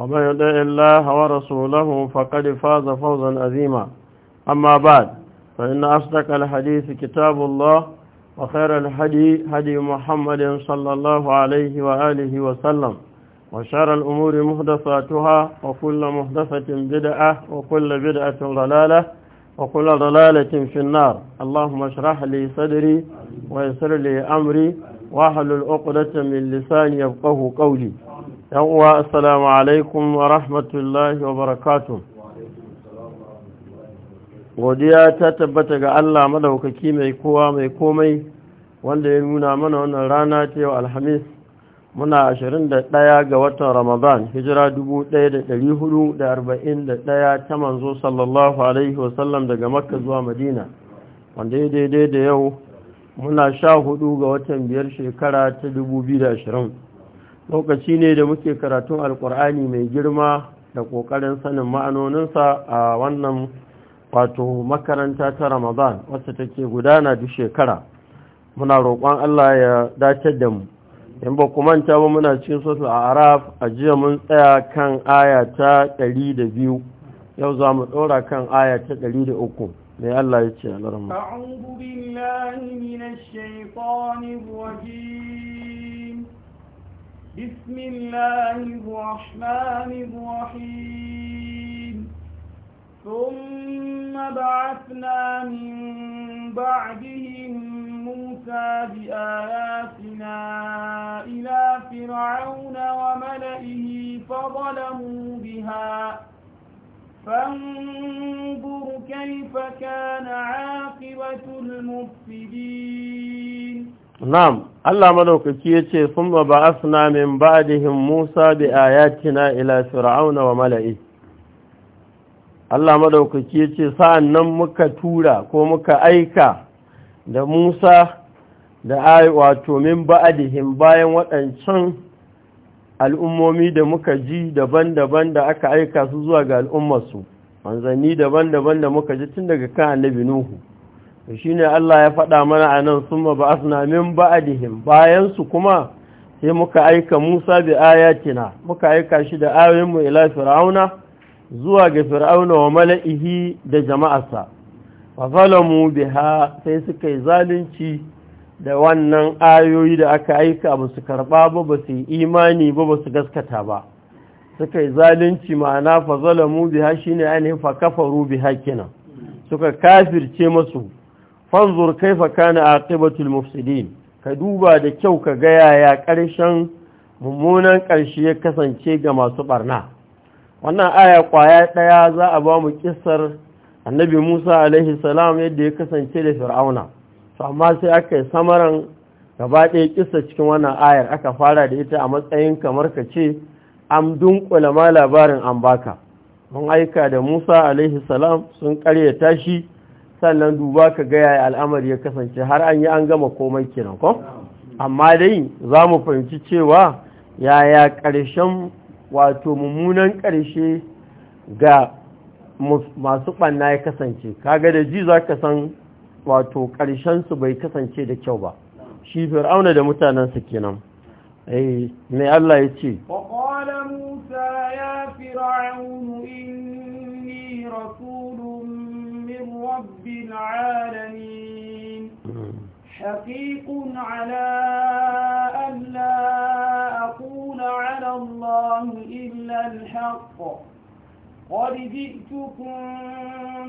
ومن يطع الله ورسوله فقد فاز فوزا عظيما أما بعد فإن أصدق الحديث كتاب الله وخير الهدي هدي محمد صلى الله عليه وآله وسلم وشر الأمور محدثاتها وكل محدثة بدعة وكل بدعة ضلالة وكل ضلالة في النار اللهم اشرح لي صدري ويسر لي أمري واحلل عقدة من لساني يفقه قولي yan uwa assalamu alaikum wa rahmatullahi wa barakatun godiya ta tabbata ga Allah madaukaki mai kowa mai komai wanda ya nuna mana wannan rana ta yau alhamis muna 21 ga watan ramadan hijira 1441 ta manzo sallallahu alaihi wasallam daga makka zuwa madina wanda ya daidai da yau muna sha 14 ga watan biyar shekara ta 2020 lokaci ne da muke karatun alkur'ani mai girma da kokarin sanin ma'anoninsa a wannan wato makaranta ta ramadan wacce take gudana duk shekara muna roƙon allah ya dace da mu in ba ku manta ba muna cikin sosu a araf a jiya mun tsaya kan aya ta biyu yau za mu ɗora kan aya ta ɗari uku mai allah ya ce alarma بسم الله الرحمن الرحيم ثم بعثنا من بعدهم موسى بآياتنا إلى فرعون وملئه فظلموا بها فانظر كيف كان عاقبة المفسدين na'am Allah madaukaki yace summa ba'athna min ba'adihin Musa bi ayatina ila fir'auna wa mala'i Allah madaukaki yace nan muka tura ko muka aika da Musa da ai wato min ba'adihin bayan waɗancan al'ummomi da muka ji daban-daban da aka aika su zuwa ga al'ummarsu manzanni daban-daban da muka ji tun daga kan annabi Nuhu to ne Allah ya faɗa mana anan summa ba'athna min ba'dihim bayan su kuma sai muka aika Musa bi ayatina muka aika shi da ayoyinmu ila fir'auna zuwa ga fir'auna wa mala'ihi da jama'arsa fa zalamu biha sai suka yi zalunci da wannan ayoyi da aka aika ba su karba ba ba su imani ba ba su gaskata ba suka yi zalunci ma'ana fa zalamu biha shine ainihin fa kafaru biha kenan suka kafirce masu fanzur kaifa kana aqibatul mufsidin ka duba da kyau ka ga yaya ƙarshen mummunan ƙarshe ya kasance ga masu barna wannan aya kwaya ɗaya za a ba mu kissar annabi Musa alaihi salam yadda ya kasance da fir'auna to amma sai aka yi samaran gaba ɗaya kissa cikin wannan ayar aka fara da ita a matsayin kamar ka ce am dunkula ma labarin an baka mun aika da Musa alaihi salam sun ƙaryata shi sannan duba ka gaya al'amari ya kasance har an yi an gama komai kenan ko amma dai za mu fahimci cewa yaya ƙarshen wato mummunan ƙarshe ga masu ɓanna ya kasance kaga da ji za ka san wato su bai kasance da kyau ba shi fir'auna da mutanensa kenan eh mai Allah ya ce musa ya rasulun رب العالمين نعم. حقيق على أن لا أقول على الله إلا الحق قد جئتكم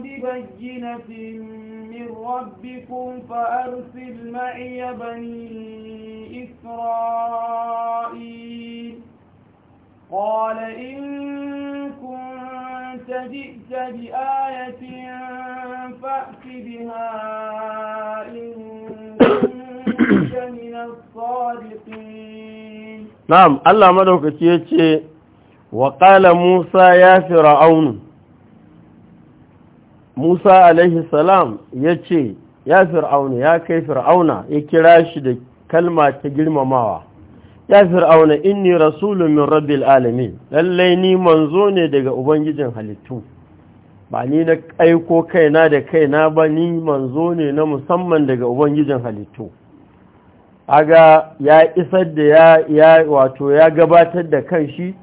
ببينة من ربكم فأرسل معي بني إسرائيل قال إن كنت جئت بآية فأت بها إن كنت من الصادقين نعم الله مدوك تيتي وقال موسى يا فرعون موسى عليه السلام يتي ya fir'auna ya kai fir'auna ya kira shi da kalma ta girmamawa ya fir'auna inni rasulun min rabbil alamin lallai ni manzo ne daga ubangijin halittu ba ni na aiko kaina da kaina ba ni manzo ne na musamman daga ubangijin halittu aga ya isar da ya ya wato ya gabatar da kanshi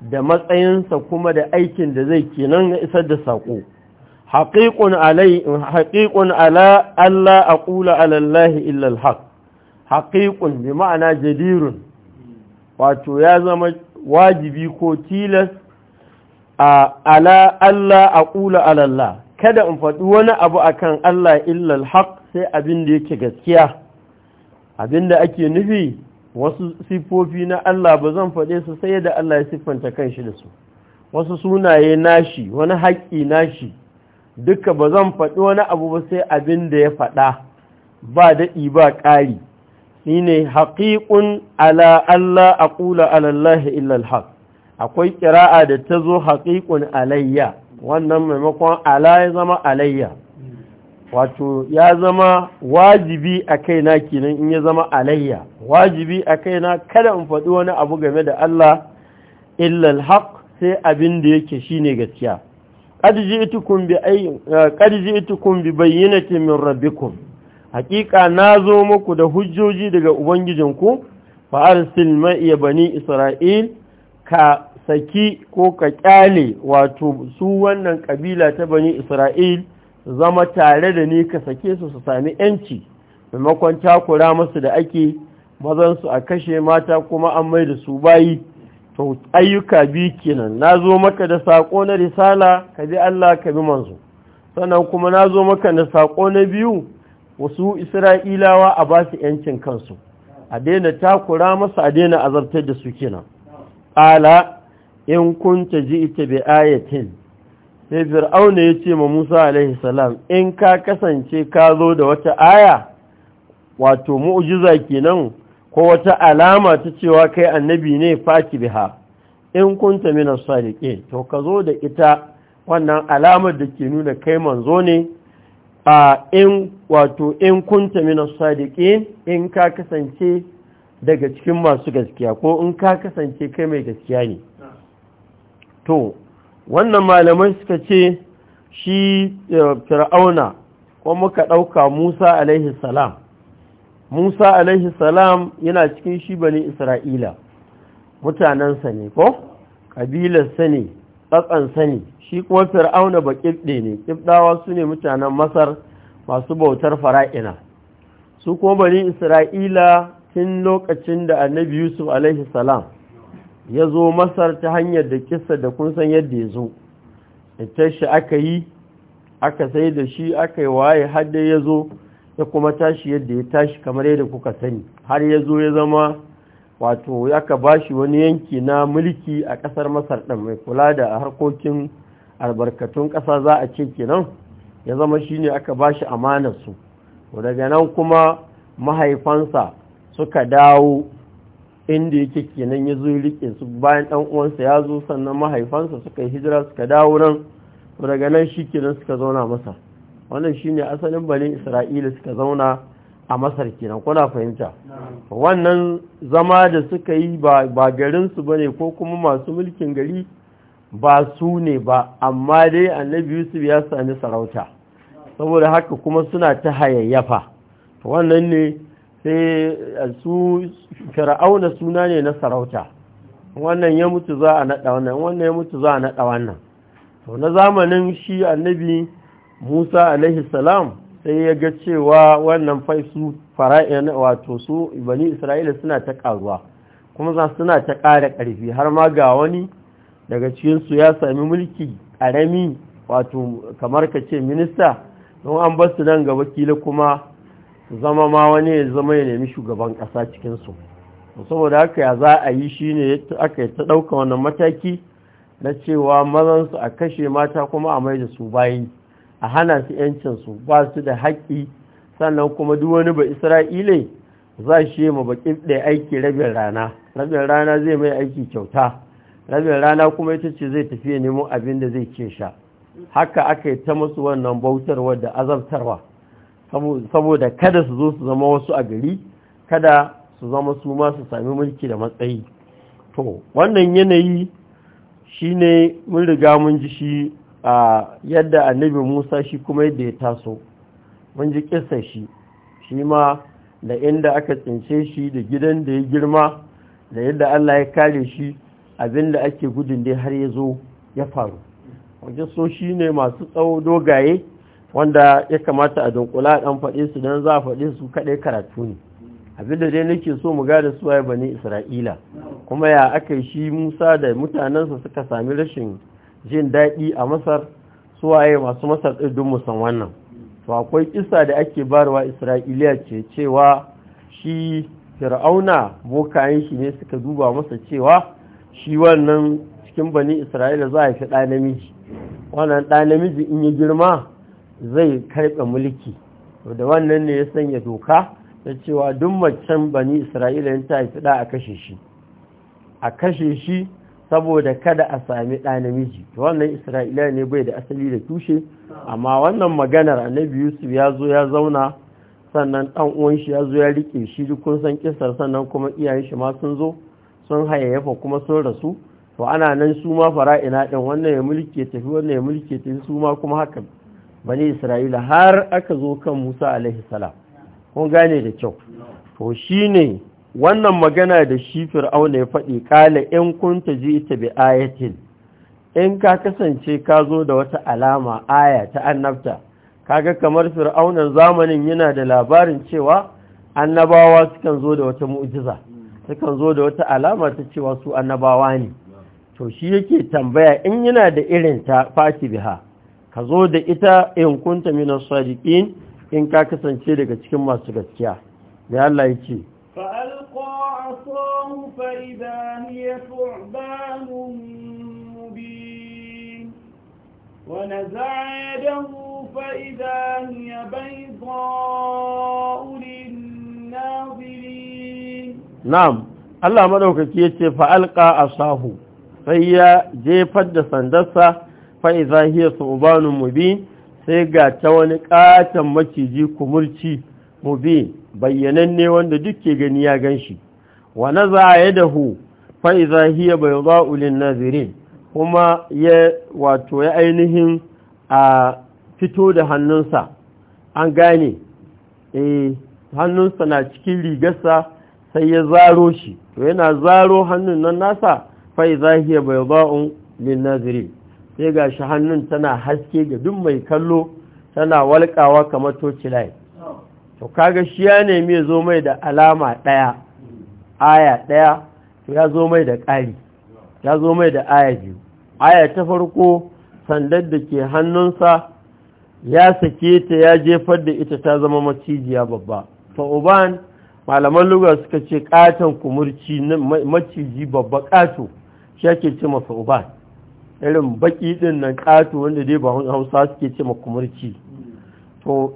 da matsayinsa kuma da aikin da zai kenan ya isar da sako haqiqun alai haqiqun ala alla aqula ala allahi illa alhaq haqiqun bi ma'ana jadirun wato ya zama wajibi ko tilas ala Allah a ƙula alallah kada in faɗi wani abu akan Allah illal haq sai abin da yake gaskiya abin da ake nufi wasu siffofi na Allah ba zan faɗe su sai da Allah ya siffanta kanshi da su wasu sunaye nashi wani haƙƙi nashi duka ba zan faɗi wani abu ba sai abin da ya faɗa ba daɗi ba ƙari shi ne haƙiƙun ala Allah a ƙula alallahi illal haq akwai ƙira'a da ta zo haƙiƙun alayya wannan maimakon ala ya zama alayya wato ya zama wajibi a kaina kenan in ya zama alayya wajibi a kaina kada in faɗi wani abu game da Allah illal haq sai abin da yake shine gaskiya qad ji'tukum bi ay qad ji'tukum bi bayyinatin min rabbikum haqiqa nazo muku da hujjoji daga ubangijinku fa arsil ma iya bani isra'il ka saki ko ka kyale wato su wannan kabila ta bani isra'il zama tare da ni ka sake su su sami yanci maimakon takura masu da ake mazansu a kashe mata kuma an mai da su bayi to ayyuka biyu kenan na zo maka da sako na risala ka bi Allah ka bi manzo sannan kuma na zo maka da sako na biyu wasu isra'ilawa a ba su ‘yancin kansu a daina takura masu a daina azabtar da su kenan ƙala in kunta ita bi ayatin sai fir'auna ya ce ma Musa alaihi salam in ka kasance ka zo da wata aya wato mu'jiza kenan ko wata alama ta cewa kai annabi ne faki biha in kunta min as-sadiqin to ka zo da ita wannan alamar da ke nuna kai manzo ne a in wato in kunta min as-sadiqin in ka kasance daga cikin masu gaskiya ko in ka kasance kai mai gaskiya ne to wannan malamai suka ce shi eh, fir'auna ko muka ɗauka musa alaihi salam musa alaihi salam yana cikin shi bani isra'ila mutanensa ne ko ƙabilarsa ne tsatsansa ne shi kuma fir'auna ba ƙibɗe ne ƙibɗawa su ne mutanen masar masu bautar fara'ina su kuma bani isra'ila tun lokacin da annabi yusuf alaihi salam ya zo masar ta hanyar da kisa da kun san yadda ya zo ita shi aka yi aka sai da shi aka yi waye hadda ya zo ya kuma tashi yadda ya tashi kamar yadda kuka sani har ya zo ya zama wato ya ka ba shi wani yanki na mulki a ƙasar masar ɗin mai kula da harkokin albarkatun ƙasa za a ce kenan ya zama shi ne aka ba shi amanarsu daga nan kuma mahaifansa suka dawo inda yake kenan ya zo rike su bayan ɗan uwansa ya zo sannan mahaifansa suka yi hijira suka dawo nan daga nan shi kenan suka zauna masa wannan shine asalin balin isra'ila suka zauna a masar kenan kuna fahimta wannan zama da suka yi ba garinsu ba ne ko kuma masu mulkin gari ba su ne ba amma dai annabi yusuf ya sami sarauta saboda haka kuma suna ta hayayyafa wannan ne sai eh, su fir'auna suna ne na sarauta wannan ya mutu za a naɗa wannan wannan ya mutu za a naɗa wannan to na zamanin shi annabi musa alaihi salam sai ya ga cewa wannan faisu fara'in wato su bani isra'ila suna ta karuwa kuma za suna ta ƙara ƙarfi har ma ga wani daga cikin su ya sami mulki ƙarami wato kamar ka ce minista don an basu nan ga wakili kuma zama ma wani ya zama ya nemi shugaban ƙasa cikinsu saboda haka ya za a yi shi ne aka yi ta ɗauka wannan mataki na cewa mazansu a kashe mata kuma a mai da su bayi a hana su yancinsu ba su da haƙƙi sannan kuma duk wani ba isra'ile za shi ma baƙi ɗaya aiki rabin rana rabin rana zai mai aiki kyauta rabin rana kuma ita ce zai tafiya nemo abin da zai ce sha haka aka yi ta musu wannan bautarwa da azabtarwa saboda kada su zo su zama wasu a gari kada su zama su ma su sami mulki da matsayi to wannan yanayi shine mun riga mun ji shi a yadda annabi musa shi kuma yadda ya taso mun ji kisa shi shi ma da inda aka tsince shi da gidan da ya girma da yadda allah ya kare shi abinda ake gudun dai har ya zo ya faru wajen so shi ne masu tsawo dogaye wanda ya kamata a dunkula dan faɗe su don za a faɗe su kaɗai karatu ne abin da dai nake so mu gada su waye bani isra'ila kuma ya aka shi musa da mutanensa suka sami rashin jin daɗi a masar su waye masu masar ɗin san wannan to akwai kisa da ake barwa isra'iliya ce cewa shi fir'auna bokayen shi ne suka duba masa cewa shi wannan cikin bani isra'ila za a fi ɗa namiji wannan ɗa namiji in ya girma zai karɓe mulki da wannan ne ya sanya doka da cewa duk macen bani isra'ila yin ta haifi ɗa a kashe shi a kashe shi saboda kada a sami ɗa namiji wannan isra'ila ne bai da asali da tushe amma wannan maganar annabi yusuf ya zo ya zauna sannan ɗan uwan shi ya zo ya riƙe shi kun san kisar sannan kuma iyayen shi ma sun zo sun hayayyafa kuma sun rasu to ana nan su ma fara'ina ɗin wannan ya mulke tafi wannan ya mulke tafi su ma kuma haka bani isra'ila har aka zo kan musa alaihi salam kun gane da kyau to shi ne wannan magana da shi fir'auna ya faɗi kala in kunta ita bi ayatin in ka kasance ka zo da wata alama aya ta annabta ka ga kamar fir'aunan zamanin yana da labarin cewa annabawa sukan zo da wata mu'jiza sukan zo da wata alama ta cewa su annabawa ne to shi yake tambaya in yana da irin ta fati biha Ka zo da ita ya hukunta sadiƙin in ka kasance daga cikin masu gaskiya. Iyalla ya ce. Fa Allah maɗaukaki ya ce fa alƙa Asahu sai ya jefar da sandarsa. fa'iza hiya mu mubin sai ga ta wani ƙaton maciji kumurci mubin bayyananne wanda duke gani ya ganshi wa naza hu fa'iza hiya baydha'u lin nazirin kuma ya wato ya ainihin a fito da hannunsa an gane eh hannunsa na cikin rigarsa sai ya zaro shi to yana zaro hannun nan nasa fa'iza hiya baydha'u lin nazirin sai ga shi hannun tana haske ga duk mai kallo tana walƙawa kamar tocilai to kaga shi ya nemi ya zo mai da alama ɗaya aya ɗaya to ya zo mai da ƙari ya zo mai da aya biyu aya ta farko sandar da ke hannunsa ya sake ta ya jefar da ita ta zama macijiya babba uban malaman luga suka ce ƙaton kumurci maciji babba ƙato shi ake ce masa uban irin baki din nan kato wanda dai ba hausa suke ce kumurci to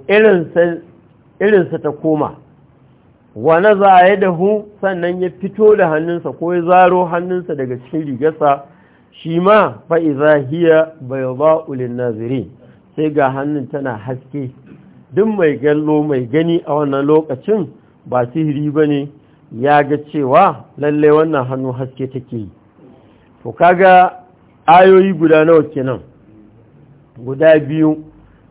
irinsa ta koma wane za ya dahu sannan ya fito da hannunsa ko ya zaro hannunsa daga cikin rigarsa shi ma fa'iza hiya bai ba ulin naziri sai ga hannun tana haske duk mai gallo mai gani a wannan lokacin ba sihiri ba ne ya ga cewa lallai wannan hannu haske take yi to kaga ayoyi guda nawa kenan guda biyu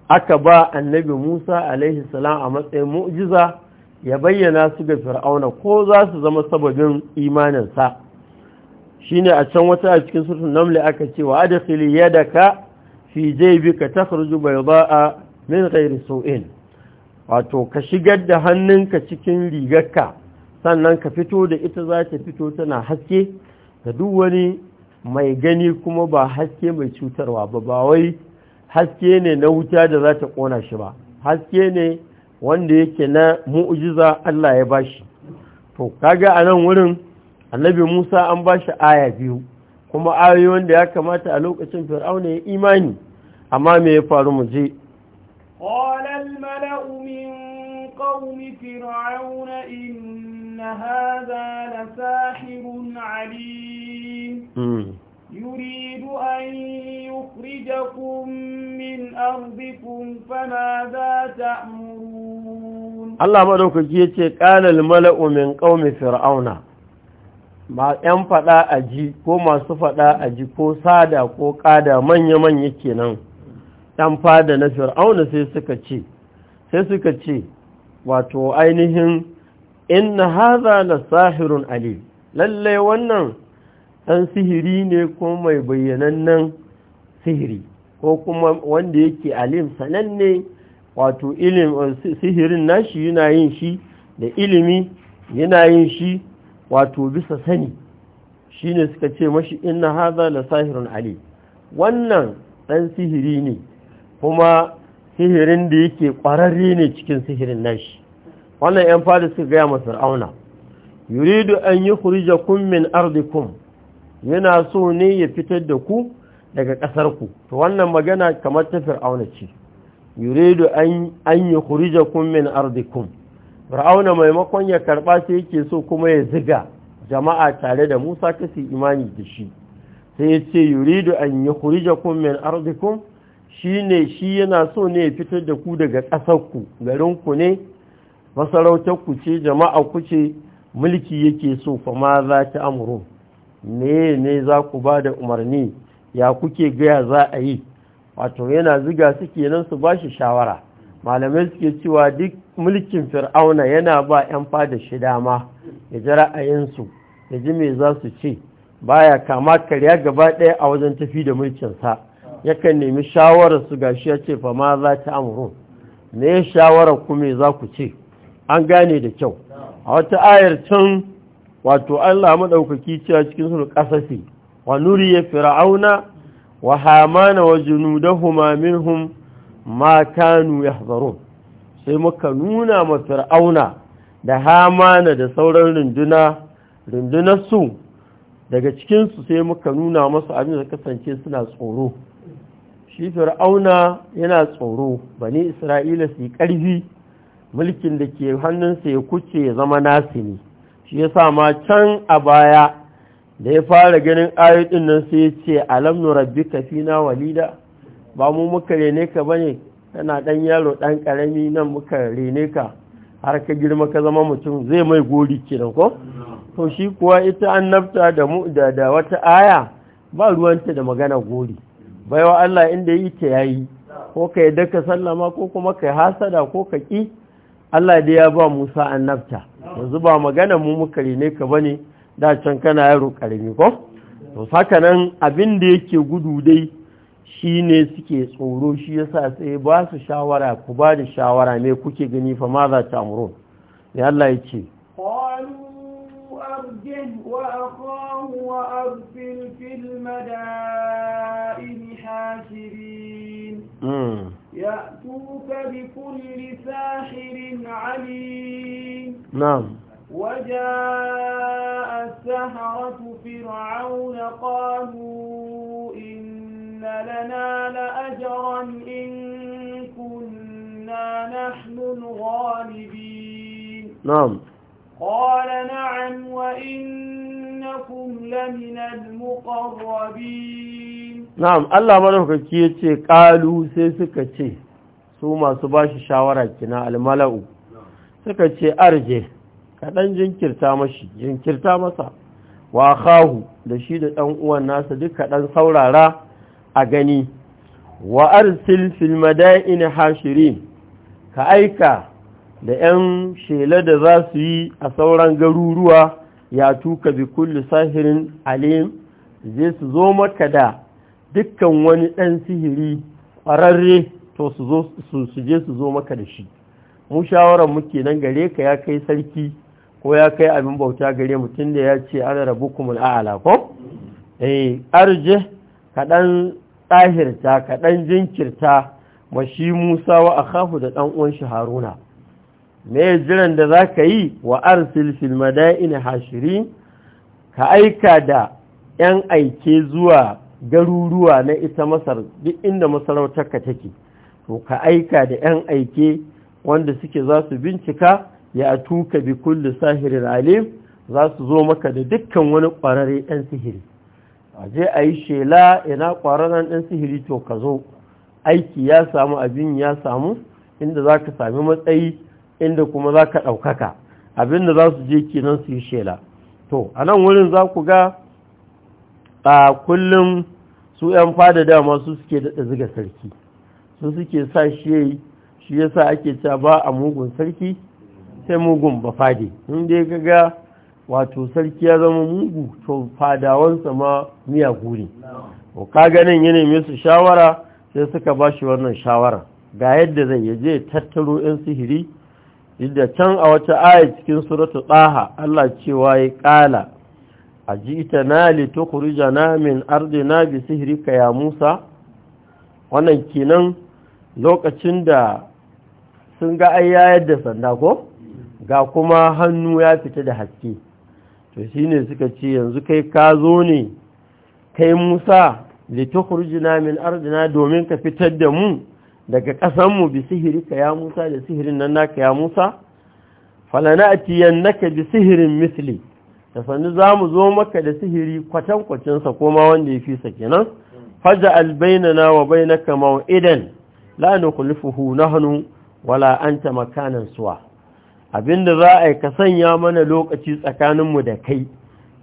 aka ba annabi Musa alaihi salam a matsayin mu'jiza ya bayyana su ga fir'auna ko za su zama sababin imaninsa shine a can wata a cikin surtun namli aka ce wa adkhili yadaka fi jaybika takhruju bayda'a min ghairi su'in wato ka shigar da hannunka cikin rigarka sannan ka fito da ita za ta fito tana haske da duk wani mai gani kuma ba haske mai cutarwa ba ba wai haske ne na wuta da za ta ƙona shi ba haske ne wanda yake na mu'ujiza Allah ya ba shi to kaga a nan wurin annabi Musa an ba shi aya biyu kuma ayoyi wanda ya kamata a lokacin fir'auna ya imani amma me ya faru mu je qala al-mala'u min qaumi fir'auna inna hadha la sahirun يريد أن يخرجكم من أرضكم فماذا تأمرون الله مدوك جيتي قال الملأ من قوم فرعون ma ‘yan faɗa a ji ko masu faɗa a ji ko sada ko ƙada manya-manya kenan Yan fada na fir'auna sai suka ce sai suka ce wato ainihin inna haza na sahirun ali lallai wannan ɗan sihiri ne ko mai bayyanannen sihiri ko kuma wanda yake alim sananne wato ilim sihirin nashi yana yin shi da ilimi yana yin shi wato bisa sani shi ne suka ce mashi inna haza da sahirin ali wannan ɗan sihiri ne kuma sihirin da yake ƙwararre ne cikin sihirin nashi wannan 'yan fada suka gaya masar'auna yuridu an yi kurija kun min ardikum yana so ne ya fitar da ku daga ƙasar ku to wannan magana kamar ta fir'auna ce yuridu an yi khurijakum min ardikum fir'auna maimakon ya karba sai yake so kuma ya ziga jama'a tare da Musa kasi imani da shi sai ya ce yuridu an yi khurijakum min ardikum shine shi yana so ne ya fitar da ku daga ƙasar ku garin ku ne masarautar ku ce jama'a ku ce mulki yake so fa ma za ta amuru me ne za ku ba da umarni ya kuke gaya za a yi wato yana ziga su kenan su ba shi shawara malamai suke cewa duk mulkin fir'auna yana ba 'yan fada shi dama ya ji ra'ayinsu ya ji me za su ce ba ya kama karya gaba ɗaya a wajen tafi da mulkinsa yakan nemi shawarar ga gashi ya ce fa ma za ta amuru me shawarar ku me za ku ce an gane da kyau a wata ayar can wato Allah maɗaukaki cewa cikin sura qasasi wa Nuri ya fir'auna wa hamana wa junudahuma minhum ma kanu yahzarun sai muka nuna ma fir'auna da hamana da sauran runduna rundunar su daga cikin su sai muka nuna masu abin da kasance suna tsoro shi fir'auna yana tsoro bani isra'ila su yi ƙarfi mulkin da ke hannunsa ya kuce ya zama nasi ne shi ya sa ma can a baya da ya fara ganin ayoyin nan sai ya ce alam nu rabbika fina walida ba mu muka rene ka bane kana dan yaro dan karami nan muka rene ka har ka girma ka zama mutum zai mai gori kenan ko to shi kuwa ita annabta da mu da wata aya ba ruwanta da magana gori baiwa Allah inda yake yayi ko ka daka ka sallama ko kuma ka hasada ko ka ki Allah dai ya ba Musa annabta yanzu ba magana mu muka ne ka bane da can kana yaro karimi ko to saka nan abin da yake gudu dai shine suke tsoro shi yasa sai ba su shawara ku ba da shawara me kuke gani fa ma za ta amuru ya Allah ya ce qalu وأرجه وأخاه وأرسل في المدائن حاشرين يأتوك بكل ساحر عليم نعم وجاء السحرة فرعون قالوا إن لنا لأجرا إن كنا نحن الغالبين نعم قال نعم وإنكم لمن yace نعم الله مره كيتي قالوا سيسكتي سوما سباشي شاورا كنا الملأ سكتي أرجه kaɗan jinkirta mashi jinkirta masa wa kahu da shi da ɗan uwan nasa duk saurara a gani wa arsil fil madaini hashirin ka aika da 'yan shela da za su yi a sauran garuruwa ya tuka bi kulle sahirin alim zai su zo maka da dukkan wani ɗan sihiri ƙwararre to su je su zo maka da shi mu shawarar muke nan gare ka ya kai sarki ko ya kai abin bauta gare mutum da ya ce ana rabu kumul a'ala ko? eh arje kaɗan tsahirta kaɗan jinkirta mashi musa wa akhahu da ɗan uwan shi haruna me jiran da za ka yi wa arsil fil madain hashirin ka aika da 'yan aike zuwa garuruwa na ita masar duk inda ka take to ka aika da 'yan aike wanda suke za su bincika ya tuka bi kulli sahirin alim za su zo maka da dukkan wani ƙwararre ɗan sihiri a je a yi shela ina ƙwararren ɗan sihiri to ka zo aiki ya samu abin ya samu inda za ka sami matsayi inda kuma za ka ɗaukaka abinda za su je kenan su yi shela to a nan wurin za ku ga a kullum su 'yan fada dama su suke daɗa ziga sarki su suke sa shi yayi shi yasa ake cewa ba a mugun sarki sai mugun ba fadi in dai ga wato sarki ya zama mugu to fadawansa ma miya guri ko kaga nan ya neme su shawara sai suka ba shi wannan shawara ga yadda zai yaje tattaro 'yan sihiri inda can a wata aya cikin suratul tsaha, Allah cewa ya ƙala ajita ita na li tukhrijana min ardina bi sihrika ya musa wannan kenan lokacin da sun ga ayyayar da sanda ko ga kuma hannu ya fita da haske to shine suka ce yanzu kai ka zo ne kai musa li tukhrijana min ardina domin ka fitar da mu daga ƙasanmu bi sihirika ya musa da sihirin nan naka ya musa falanatiyannaka bi sihirin misli da sannu za mu zo maka da sihiri kwatan kwatankwacinsa koma wanda ya fi sa kenan faja albainana wa bainaka maw'idan la nukhlifuhu nahnu wala anta makanan suwa abinda za a ka sanya mana lokaci tsakaninmu da kai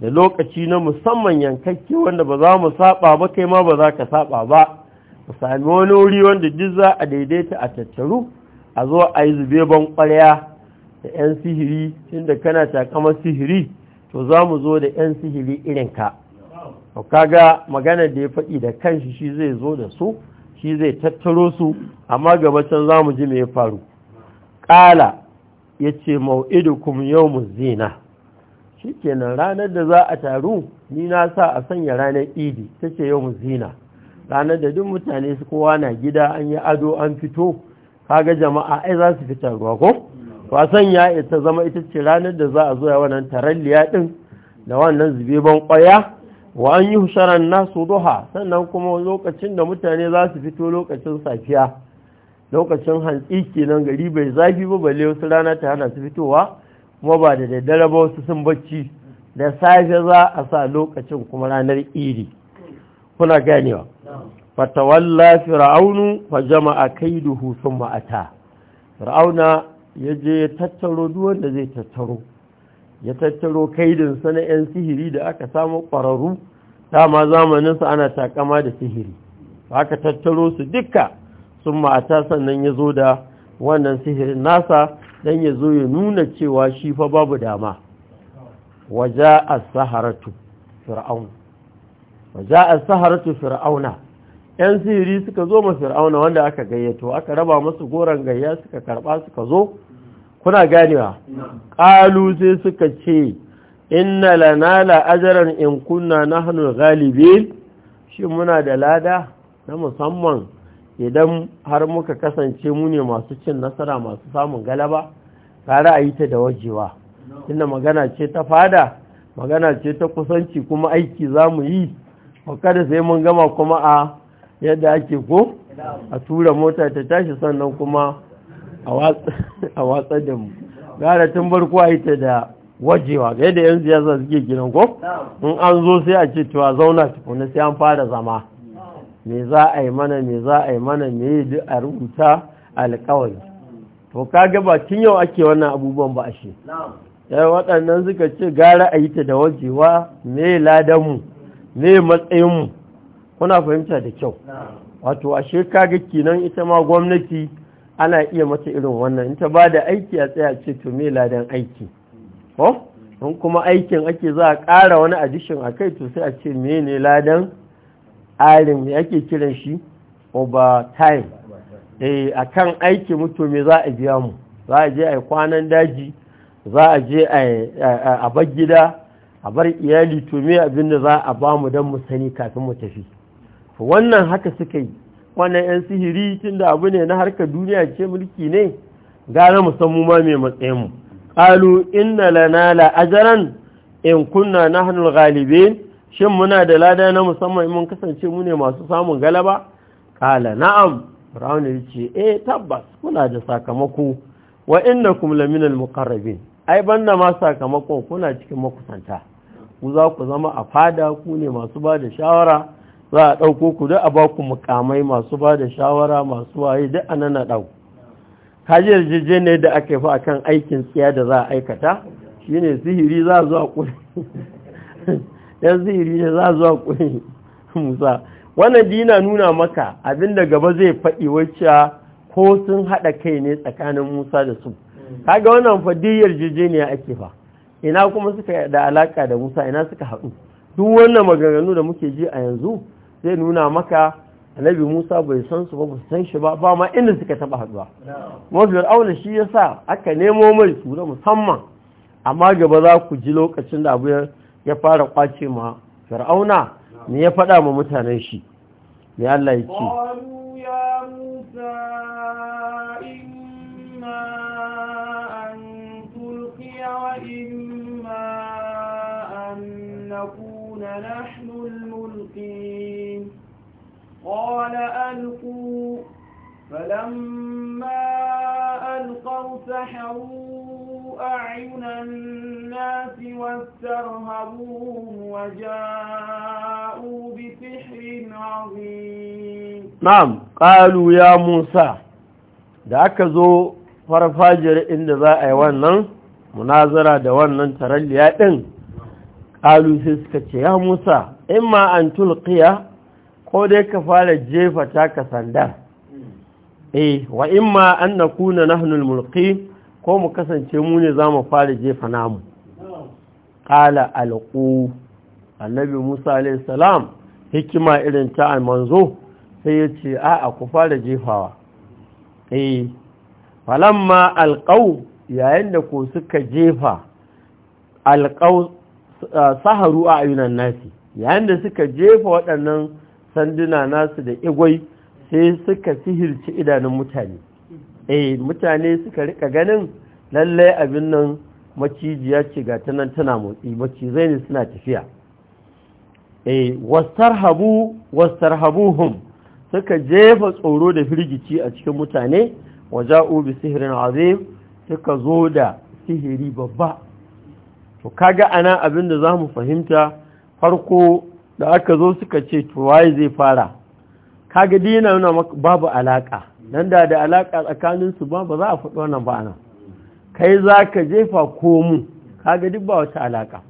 da lokaci na musamman yankakke wanda ba za mu saba ba kai ma ba za ka saba ba ku sami wani wuri wanda duk za a daidaita a tattaru a zo a yi zube ban ƙwarya da 'yan sihiri tunda kana takamar sihiri to za mu zo da 'yan sihiri irinka kaga magana da ya faɗi da kanshi shi zai zo da su shi zai tattaro su amma gabacin za mu ji mai faru ƙala ya ce mau'idukum yau mu zina shi kenan ranar da za a taru ni na sa a sanya ranar idi ta ce yau mu zina ranar da duk mutane su kowa na gida an yi ado an fito kaga jama'a ai za su fita ruwa ko wasan ya ita zama ita ce ranar da za a zo ya wannan taralliya din da wannan zubeban kwaya wa an yi husharan nasu duha sannan kuma lokacin da mutane za su fito lokacin safiya lokacin hantsi kenan gari bai zafi ba balle wasu rana ta hana su fitowa kuma ba da daddare ba wasu sun bacci da safe za a sa lokacin kuma ranar iri kuna ganewa fatawalla fir'aunu fa jama'a kaiduhu thumma ata fir'auna yaje ya tattaro duk wanda zai tattaro ya tattaro kaidin sa na yan sihiri da aka samu kwararru dama zamanin sa ana takama da sihiri aka tattaro su dukka thumma ata sannan yazo da wannan sihirin nasa dan yazo ya nuna cewa shi fa babu dama waja as-saharatu fir'aunu. wa za a saharatu fir'auna yan sihiri suka zo ma fir'auna wanda aka gayyato aka raba masu goron gayya suka karba suka zo kuna ganewa ƙalu sai suka ce inna lana la ajran in kunna nahnu ghalibin shi muna da lada na musamman idan har muka kasance mu ne masu cin nasara masu samun galaba tare a yi ta da wajewa inda magana ce ta fada magana ce ta kusanci kuma aiki za mu yi kada sai mun gama kuma a yadda ake ko a tura mota ta tashi sannan kuma a watsa da mu gara tun barko a ita da wajewa ga yadda yan siyasa suke gidan ko in an zo sai a ce cewa zauna tukuna sai an fara zama me za a yi mana me za a yi mana me yi duk a rubuta alkawari to kaga ba tun yau ake wannan abubuwan ba a shi eh, waɗannan suka ce gara a yi ta da wajewa me mu. me matsayinmu kuna fahimta da kyau wato ashe shekaga kenan ita ma gwamnati ana iya mata irin wannan in ta ba da aiki a tsaya ce to me ladan aiki ko in kuma aikin ake za a ƙara wani addition a kai to sai a ce me ne ladan arin me ake kiran shi over time eh akan aiki mutu me za a biya mu za a je a kwanan daji za a je a bar gida a bar iyali to me abin da za a ba mu don mu sani kafin mu tafi wannan haka suka yi wannan 'yan sihiri tun da abu ne na harkar duniya ce mulki ne gane musammu ma mu. mu qalu inna lana ajran in kunna na hannun galibe shin muna da lada na musamman mun kasance mu ne masu samun galaba qala na'am rauni ya ce eh tabbas kuna da sakamako wa inna kum laminal muqarrabin ai banda ma sakamakon kuna cikin makusanta ku za ku zama a fada ku ne masu ba da shawara za a ɗauko ku da a ba ku mukamai masu ba da shawara masu waye duk a nan ɗau kajiyar jirgin ne da aka fi akan aikin tsiya da za a aikata shine sihiri za zuwa ƙuri yan sihiri ne za zuwa ƙuri musa wannan dina nuna maka abinda gaba zai faɗi wacce ko sun haɗa kai ne tsakanin musa da su kaga wannan fadiyar jirgin ne ake fa ina kuma suka da alaka da musa ina suka haɗu duk wannan maganganu da muke ji a yanzu zai nuna maka annabi musa bai san su ba ba san shi ba ba ma inda suka taba haɗuwa mafi auna shi yasa aka nemo mai su musamman amma gaba za ku ji lokacin da abu ya fara kwace ma fir'auna ne ya faɗa ma mutanen shi me Allah ya ce نحن الملقين قال ألقوا فلما ألقوا سحروا أعين الناس واسترهبوهم وجاءوا بسحر عظيم نعم قالوا يا موسى da aka zo farfajiyar inda za a yi wannan munazara da wannan taralliya ɗin Ƙalusai suka ce ya musa in ma an tulkiya ko dai ka fara jefa taka sanda' eh wa in ma an na kuna hannun mulki ko mu kasance mu ne za mu fara jefa namu ƙala alƙu annabi musa salam hikima irin ta manzo sai ya ce a'a ku fara jefawa eh falamma alƙau yayin da ko suka jefa alƙau saharu a ayunan nasi yayin da suka jefa waɗannan sanduna nasu da igwai sai suka sihirci idanun mutane eh mutane suka rika ganin lallai abin nan macijiya ce ga tanan tana motsi macizai ne suna tafiya eh wastarhabu wastarhabuhum suka jefa tsoro da firgici a cikin mutane waja'u bi sihrin azim suka zo da sihiri babba to kaga ana abin da za mu fahimta farko da aka zo suka ce waye zai fara kaga dina nuna babu alaka nan da da alaka tsakaninsu ba ba za a faɗi wannan ba nan kai za ka jefa komu kaga duk ba wata alaka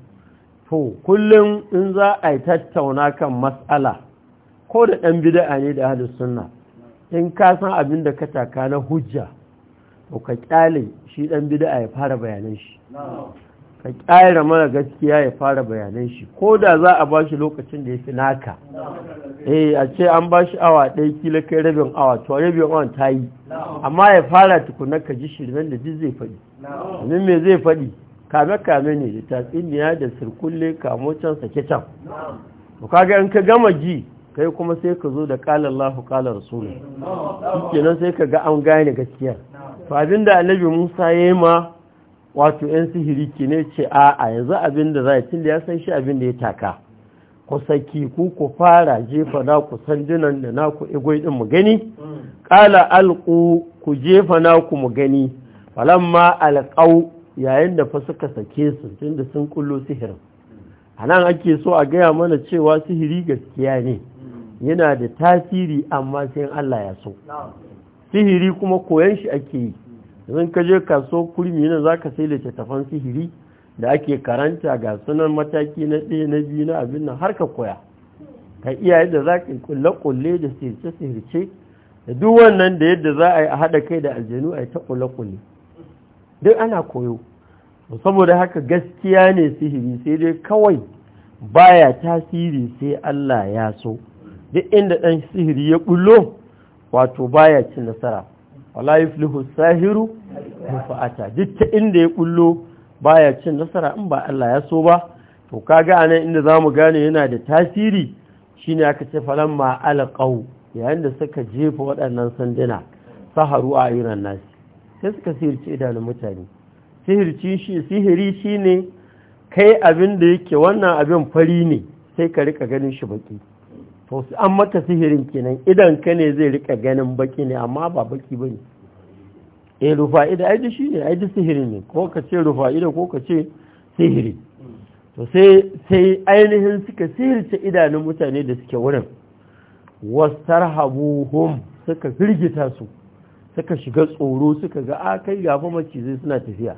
to kullum in za a yi tattauna kan matsala ko da ɗan bida'a ne da ahlus sunna in ka san abin da ka taka na hujja to ka kyale shi ɗan bida'a ya fara bayanan shi ka kyara mana gaskiya ya fara bayanan shi ko da za a ba shi lokacin da ya fi naka eh a ce an ba shi awa ɗaya kila kai rabin awa to rabin awa ta yi amma ya fara tukuna ka ji shirin da ji zai faɗi domin me zai faɗi kame-kame ne da niya da sirkulle kamo can sake can to kaga in ka gama ji kai kuma sai ka zo da kala Allahu kala Rasulu shikenan sai ka ga an gane gaskiya to abinda Annabi Musa yayi ma wato 'yan sihiri ki ne ce a yanzu abin da za a cin ya san shi abin da ya taka ku saki ku ku fara jefa na ku sandunan da na ku igwai din mu gani ƙala alƙu ku jefa na ku mu gani falamma alƙau yayin da fa suka sake su tunda sun kullo sihirin a nan ake so a gaya mana cewa sihiri gaskiya ne yana da tasiri amma sai Allah ya so sihiri kuma koyon shi ake yi yanzu ka je kaso kurmi ne za ka sai tafan sihiri da ake karanta ga sunan mataki na ɗaya na biyu na abin nan har ka koya ka iya yadda za ka kulle-kulle da sirce-sirce da duk wannan da yadda za a yi a haɗa kai da aljanu a yi ta kulle-kulle duk ana koyo saboda haka gaskiya ne sihiri sai dai kawai baya tasiri sai Allah ya so duk inda ɗan sihiri ya bullo wato baya cin nasara wala yuflihu sahiru mufa'ata duk ta inda ya kullo baya cin nasara in ba Allah ya so ba to kaga anan inda mu gane yana da tasiri shine aka ce falamma alqau yayin da suka jefa waɗannan sanduna saharu a ayuran nasi sai suka sihirci idanun mutane sihirci shi sihiri shine kai abin da yake wannan abin fari ne sai ka rika ganin shi baki to an mata sihirin kenan idan ka ne zai rika ganin baki ne amma ba baki bane eh rufa'ida ai shi ne ai sihiri ne ko ka ce rufa'ida ko ka ce sihiri to sai ainihin suka sihirce idanun mutane da suke wurin wastarhabuhum suka firgita su suka shiga tsoro suka ga a ah, kai gafa macizai suna tafiya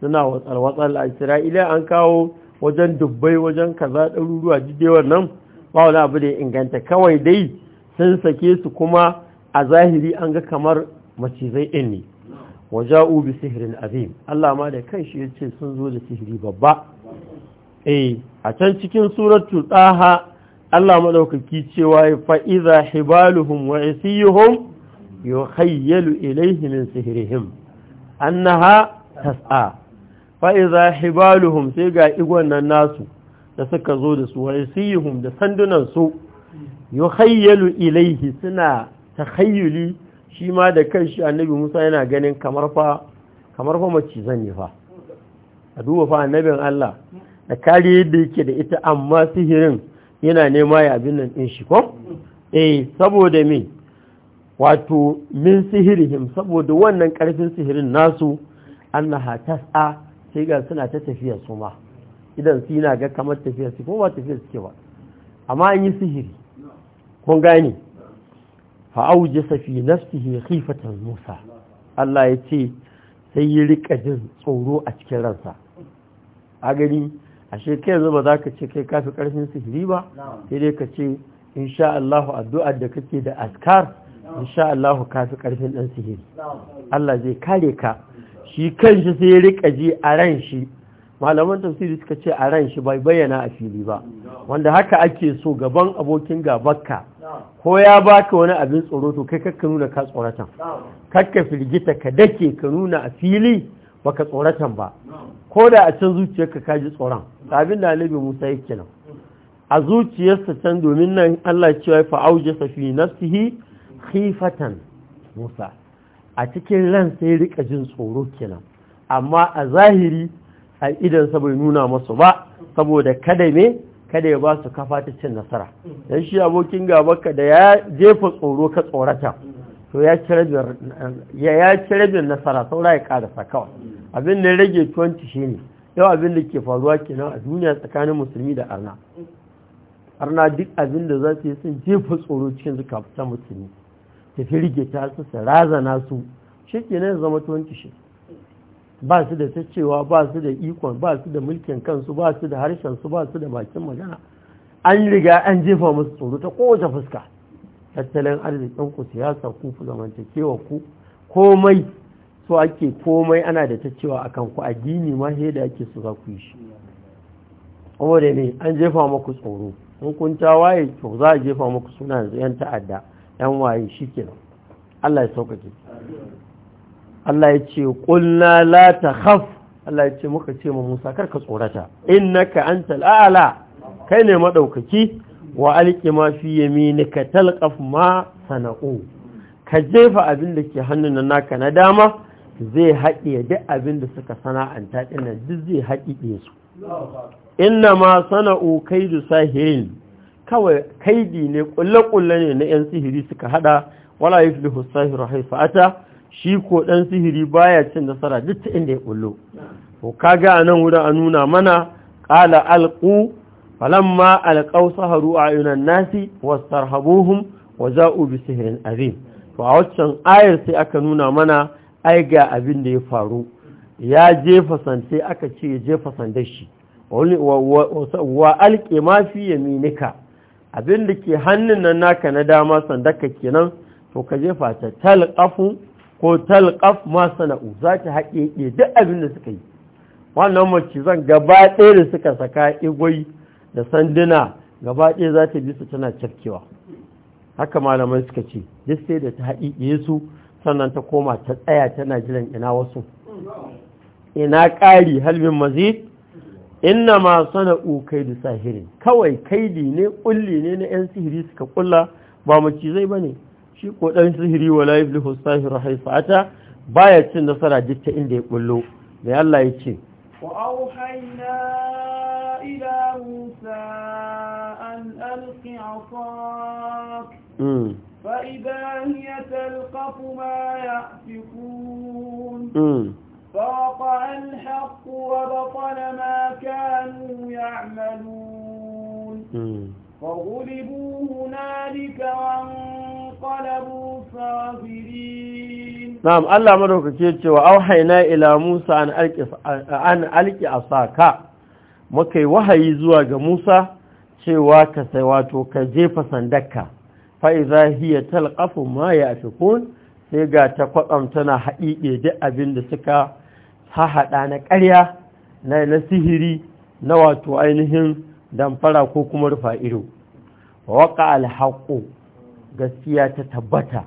suna watsar watsar a isra'ila an kawo wajen dubbai wajen kaza ɗaruruwa jidewar nan ba wani abu da ya inganta kawai dai sun sake su kuma a zahiri an ga kamar macizai ɗin ne waje ubi sihirin azim Allah ma da kanshi ya ce sun zo da sihiri babba eh a can cikin suratu tsaha, Allah maɗaukaki cewa fa fa'iza hibaluhum wa isiyuhum hayyalu ilaihi min sihrihim annaha tas'a Fa'iza hibaluhum sai ga igon nan nasu da suka zo da su waisihum da sandunan su yukhayyalu ilaihi suna takhayyuli shi ma da kanshi annabi Musa yana ganin kamar fa kamar fa macizan ne fa a duba fa annabin Allah da kare yadda yake da ita amma sihirin yana nema ya abin nan din shi ko eh saboda me wato min sihirihim saboda wannan karfin sihirin nasu annaha tas'a sai ga suna ta tafiya su ma idan su yana ga kamar tafiya su ko ba tafiya suke ba amma an yi sihiri kun fa'au fa'auje safi nafsihi khifatan musa Allah ya ce sai yi rika jin tsoro a cikin ransa a gani a shekai yanzu ba za ka ce kai kafi karfin sihiri ba sai dai ka ce insha Allah addu'ar da kake da askar insha Allah kafi karfin dan sihiri Allah zai kare ka shi kanshi sai ya rika ji a ran shi malaman tafsiri suka ce a ran shi bai bayyana a fili ba wanda haka ake so gaban abokin gabakka ko ya baka wani abin tsoro to kai kakka nuna ka tsoratan kakka firgita ka dake ka nuna a fili baka tsoratan ba ko da a can zuciyarka ka ji tsoron abin da annabi Musa yake nan a zuciyarsa can domin nan Allah cewa fa aujasa fi nafsihi khifatan Musa a cikin ran sai rika jin tsoro kenan amma a zahiri a idan bai nuna masu ba saboda kada me kada ya ba su kafa ta cin nasara dan shi abokin gabanka da ya jefa tsoro ka tsorata to ya ci rabin nasara saura ya karasa kawai abin da rage 20 shine yau abin da ke faruwa kenan a duniya tsakanin musulmi da arna arna duk abin da za su yi sun jefa tsoro cikin zukatan musulmi tafi rige ta su razana su shi kenan zama 20 shi ba su da ta cewa ba su da ikon ba su da mulkin kansu ba su da harshen su ba su da bakin magana an riga an jefa musu tsoro ta kowace fuska tattalin arzikin ku siyasa ku zamantakewa ku komai so ake komai ana da ta cewa akan ku addini ma he da ake su za ku yi shi saboda ne an jefa muku tsoro in kun ta waye to za a jefa muku suna yan ta'adda yan waye shikenan Allah ya sauƙaƙe Allah ya ce ƙulna la ta haf Allah ya ce muka ce ma Musa karka tsorata innaka antal a'la kai ne maɗaukaki. wa alqi ma fi yaminika talqaf ma sana'u ka jefa abin da ke hannun nan naka na dama zai ya duk abin da suka sana'anta din nan duk zai haɗiye su inna ma sana'u kaidu sahirin kawai kaidi ne ƙulle-ƙulle ne na 'yan sihiri suka haɗa. wala yuflihu sahiru haifa ata shi ko ɗan sihiri baya cin nasara duk ta inda ya ko to kaga nan wurin a nuna mana ƙala alqu falamma alƙau saharu yunan nasi wa za'u bi sihirin azim to a waccan ayar sai aka nuna mana ai ga abin da ya faru ya jefa sante aka ce ya jefa sandar shi wa alƙe ma fi yaminika abin da ke hannun nan naka na dama sandaka kenan to ka jefa ta talqafu ko talqaf ma sana'u za ta haƙeƙe duk abin da suka yi wannan zan gaba ɗaya da suka saka igwai da sanduna gaba ɗaya za ta bi su tana cafkewa haka malamai suka ce duk sai da ta haƙiƙe su sannan ta koma ta tsaya tana jiran ina wasu ina ƙari halbin mazid inna ma sana'u kai da sahirin kawai kaidi ne ƙulli ne na 'yan sihiri suka ƙulla ba macizai ba ne shi ko sihiri wala yuflihu sahiru haythu baya cin nasara dukkan inda ya kullo da Allah ya ce wa auhayna ila musa an alqi asak mm. fa فغلبوا هنالك وانقلبوا صافرين نعم الله مدوكake yace وأوحينا إلى موسى Musa an alqi مكي alqi asaka موسى wahayi zuwa ga Musa cewa ka sai wato ka jefa sandaka fa idza hiya talqafu ma yafikun sai ga ta kwatsam tana haɗiɗe duk abin da suka haɗa na ƙarya na sihiri na wato ainihin damfara ko kuma rufa ido waka alhaƙo gaskiya ta tabbata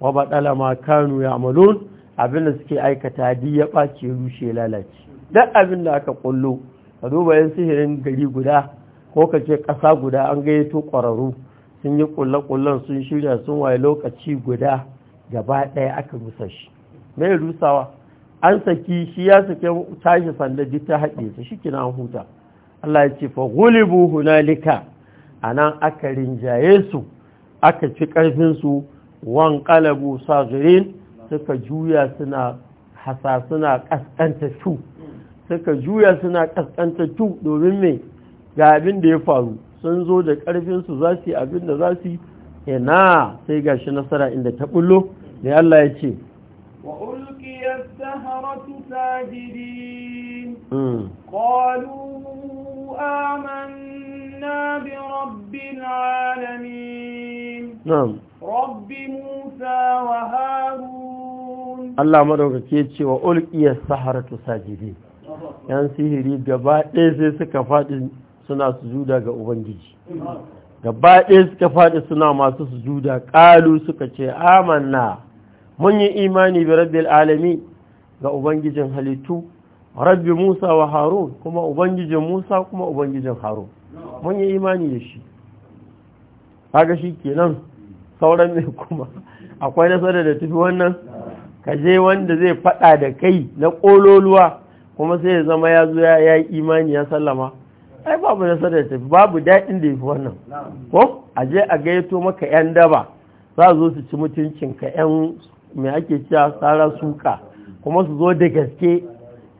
wa baɗala makanu ya malon abinda suke aikata di ya ɓace rushe lalace dan abin da aka ƙullo ka duba yin sihirin gari guda ko ka ce ƙasa guda an gayyato ƙwararru sun yi ƙulle-ƙullen sun shirya sun waye lokaci guda gaba ɗaya aka rusa shi mai rusawa an saki shi ya sake tashi sanda duk ta haɗe su shi kina huta Allah ya ce fa gulibu hunalika anan aka rinjaye su aka ci ƙarfinsu su wan qalabu sagirin suka juya suna hasa suna kaskanta su suka juya suna kaskanta su domin me ga abin da ya faru sun zo da ƙarfinsu su za su yi abin da za su yi ina sai gashi nasara inda ta bullo da Allah ya ce وألقي السهرة ساجدين قالوا آمنا برب العالمين نعم رب موسى وهارون الله مدوك كيتشي وألقي السحرة ساجدين yan sihiri gaba ɗaya sai suka faɗi suna sujuda ga ubangiji gaba ɗaya suka faɗi suna masu sujuda ƙalu suka ce amanna mun yi imani bi rabbil alami ga ubangijin halittu rabbi musa wa harun kuma ubangijin musa kuma ubangijin harun mun yi imani da shi haka shi kenan sauran ne kuma akwai nasarar da tafi wannan ka je wanda zai fada da kai na kololuwa kuma sai ya zama ya zo ya yi imani ya sallama ai babu nasarar da tafi babu daɗin da ya fi wannan ko a je a gayyato maka 'yan daba za zo su ci mutuncin ka 'yan mai ake cewa tsara suka kuma su zo da gaske